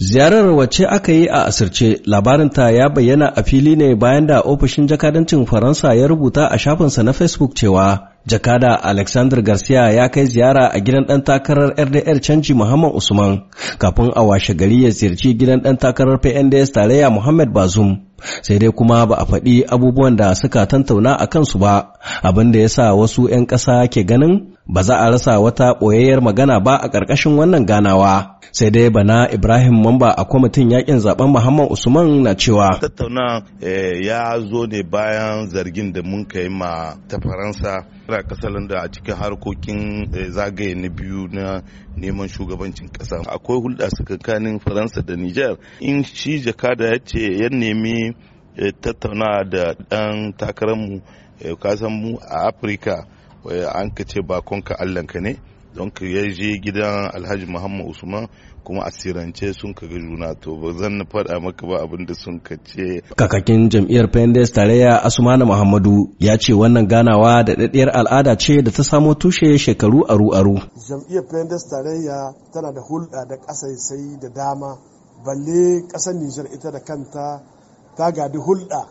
Ziyarar wacce aka yi a asirce labarinta ya bayyana a fili ne bayan da ofishin jakadancin Faransa ya rubuta a shafinsa na Facebook cewa jakada Alexander Garcia ya kai ziyara a gidan ɗan takarar RDR canji Muhammad Usman kafin a washe gari ya ziyarci gidan ɗan takarar PNDS tarayya Muhammad Bazum. sai dai kuma ba a faɗi abubuwan da suka tantauna a kansu ba abin da ya sa wasu 'yan ƙasa ke ganin ba za a rasa wata ɓoyayyar magana ba a ƙarƙashin wannan ganawa sai dai bana ibrahim mamba a kwamitin yakin zaben muhammad usman na cewa tattauna eh, ya zo ne bayan zargin da mun kai ma ta faransa tana kasar da a cikin harkokin eh, zagaye na biyu na neman shugabancin ƙasa akwai hulɗa tsakanin faransa da niger in shi jakada ya ce ya nemi tattauna da ɗan takararmu eh, kasan mu a afirka eh, an ka ce bakonka allanka ne don ka ya je gidan alhaji muhammad usman kuma a sirance sun ka ga juna to ba zan na faɗa maka ba abin da sun ka ce kakakin jam'iyyar pendes tarayya Asumana muhammadu ya ce wannan ganawa da daɗiyar al'ada ce da ta samo tushe shekaru aru aru jam'iyyar pendes tarayya tana da hulɗa da ƙasasai da dama balle ƙasar nijar ita da kanta ta gadi hulɗa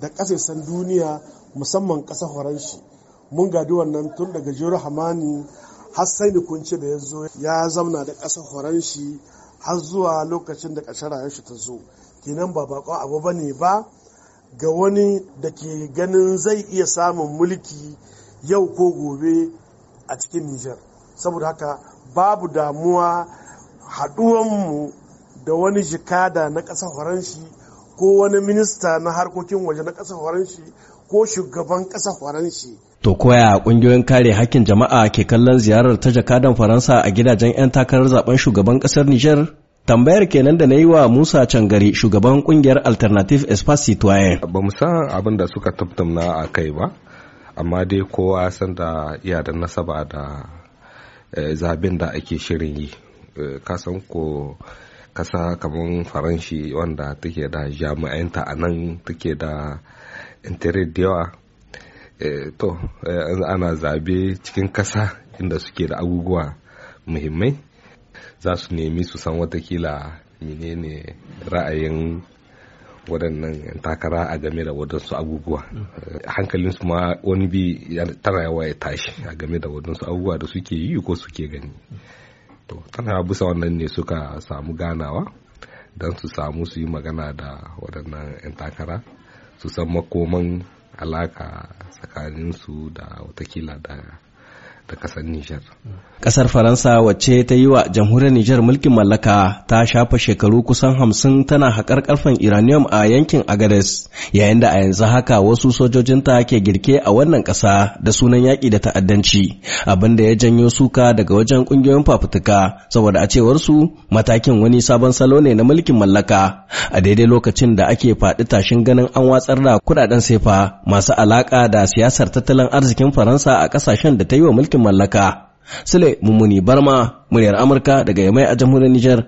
da ƙasashen duniya musamman ƙasa horanshi mun gadi wannan tun daga jiru hamani har sai ni kunce da ya zo ya zauna da ƙasa horanshi har zuwa lokacin da a rayuwarshi ta zo kenan ba baƙo abu ba ne ba ga wani da ke ganin zai iya samun mulki yau ko gobe a cikin nijar saboda haka babu damuwa haɗuwanmu da wani jikada na ƙasa horanshi ko wani minista na harkokin waje na ƙasa faranshi ko shugaban ƙasa faranshi To koya kungiyoyin kare hakkin jama'a ke kallon ziyarar ta jakadan Faransa a gidajen 'yan takarar zaben shugaban kasar Nijar? Tambayar kenan da na yi wa Musa Cangari shugaban ƙungiyar Alternative Espace Citoyen. Ba mu san abin da suka tattauna a kai ba, amma dai kowa san da iya da nasaba da eh, zaben da ake shirin yi. Eh, Kasan ko kasa kamar faranshi wanda take da jami'anta a nan take da intanet da yawa eh, to eh, ana zabe cikin kasa inda suke da abubuwa muhimmai za su nemi su san watakila menene ra'ayin waɗannan takara a game da waɗansu abubuwa mm. eh, hankalinsu ma wani bi tana yawa ya tashi a game da waɗansu abubuwa da suke yi ko suke gani mm. to ana bisa wannan ne suka samu ganawa don su samu su yi magana da waɗannan 'yan takara su san makoman alaka tsakaninsu da watakila da da kasar Nijar. Kasar Faransa wacce ta yi wa jamhuriyar Nijar mulkin mallaka ta shafa shekaru kusan hamsin tana haƙar ƙarfen uranium a yankin Agades yayin da a yanzu haka wasu sojojinta ke girke a wannan ƙasa da sunan yaƙi da ta'addanci abin da ya janyo suka daga wajen ƙungiyoyin fafutuka saboda a cewar su matakin wani sabon salo ne na mulkin mallaka a daidai lokacin da ake faɗi tashin ganin an watsar da kuɗaɗen sefa masu alaƙa da siyasar tattalin arzikin Faransa a ƙasashen da ta yi wa mulkin mulkin mallaka. Sule Mummuni Barma, muryar Amurka daga Yamai a jamhuriyar Nijar.